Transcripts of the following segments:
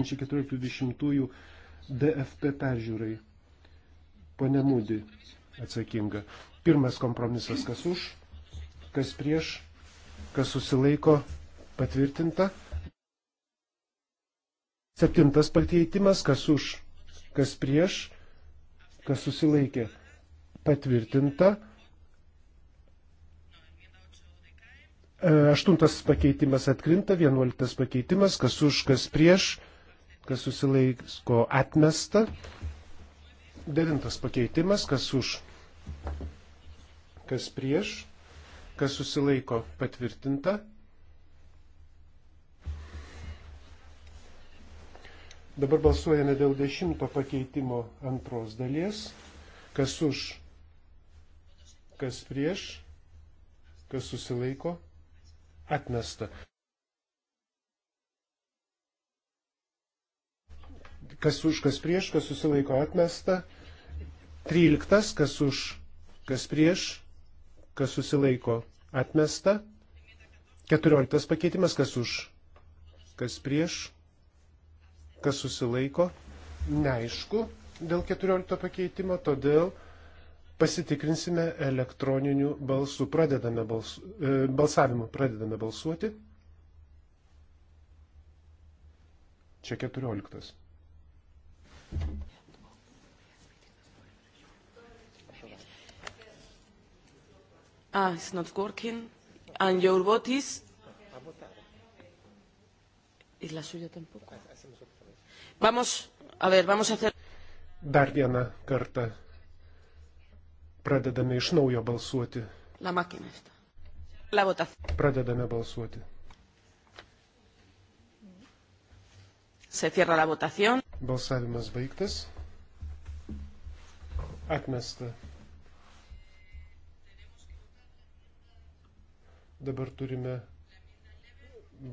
2014-2020 DFP peržiūrai. Pone Mūdi atsakinga. Pirmas kompromisas, kas už, kas prieš, kas susilaiko, patvirtinta. Septintas pakeitimas, kas už, kas prieš, kas susilaikė, patvirtinta. E, aštuntas pakeitimas atkrinta, vienuoliktas pakeitimas, kas už, kas prieš, kas susilaiko atmesta. Devintas pakeitimas, kas už, kas prieš, kas susilaiko patvirtinta. Dabar balsuojame dėl dešimto pakeitimo antros dalies. Kas už, kas prieš, kas susilaiko, atmesta. kas už, kas prieš, kas susilaiko atmesta. Tryliktas, kas už, kas prieš, kas susilaiko atmesta. Keturioliktas pakeitimas, kas už, kas prieš, kas susilaiko. Neaišku dėl keturiolikto pakeitimo, todėl pasitikrinsime elektroniniu balsu. Pradedame balsu, e, balsavimu, pradedame balsuoti. Čia keturioliktas. Ah, it's not working. And your vote is? A votar. ¿Y la suya tampoco? Vamos, a ver, vamos a hacer. Dar vieną kartą pradedame iš naujo balsuoti. La máquina está. La votación. Pradedame balsuoti. Se cierra la votación. Balsavimas baigtas. Atmesta. Dabar turime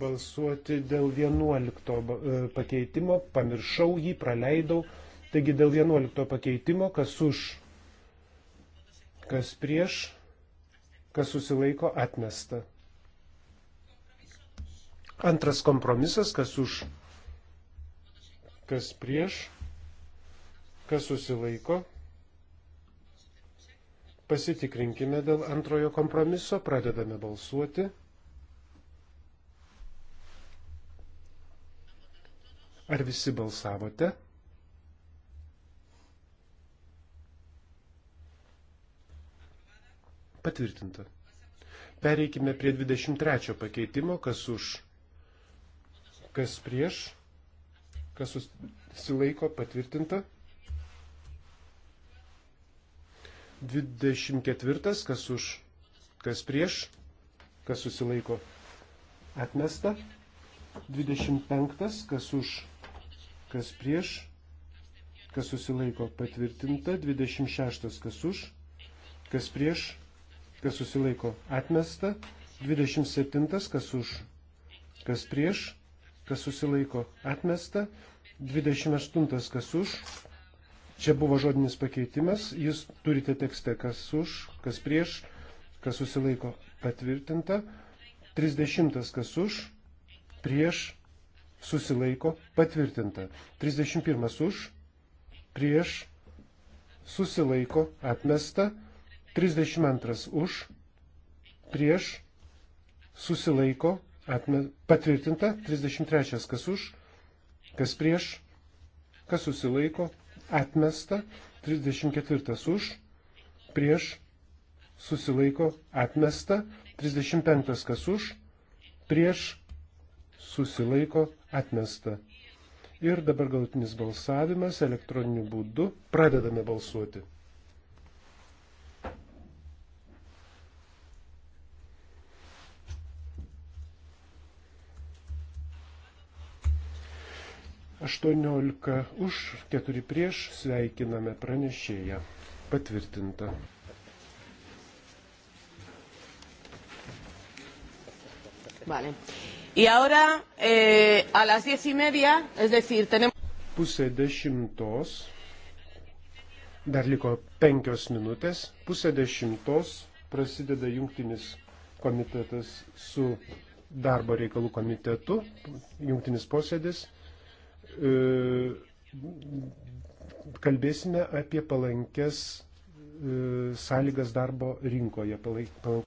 balsuoti dėl 11 e, pakeitimo. Pamiršau jį, praleidau. Taigi dėl 11 pakeitimo, kas už, kas prieš, kas susilaiko, atmesta. Antras kompromisas, kas už kas prieš, kas susilaiko. Pasitikrinkime dėl antrojo kompromiso, pradedame balsuoti. Ar visi balsavote? Patvirtinta. Pereikime prie 23 pakeitimo, kas už, kas prieš kas susilaiko patvirtinta. 24, kas už, kas prieš, kas susilaiko atmesta. 25, kas už, kas prieš, kas susilaiko patvirtinta. 26, kas už, kas prieš, kas susilaiko atmesta. 27, kas už, kas prieš, kas susilaiko atmesta, 28 kas už. Čia buvo žodinis pakeitimas. Jūs turite tekste kas už, kas prieš, kas susilaiko patvirtinta. 30 kas už, prieš, susilaiko patvirtinta. 31 už, prieš, susilaiko atmesta. 32 už, prieš, susilaiko atme, patvirtinta. 33 kas už, Kas prieš? Kas susilaiko? Atmesta. 34 už. Prieš. Susilaiko. Atmesta. 35 kas už. Prieš. Susilaiko. Atmesta. Ir dabar galutinis balsavimas elektroniniu būdu. Pradedame balsuoti. 18 už, 4 prieš, sveikiname pranešėją. Patvirtinta. Vale. Y ahora eh, a las diez y media, es decir, tenemos. Pusė dešimtos, dar liko penkios minutės, pusė dešimtos prasideda jungtinis komitetas su darbo reikalų komitetu, jungtinis posėdis. E, kalbėsime apie palankes e, sąlygas darbo rinkoje. Palaik, palaik.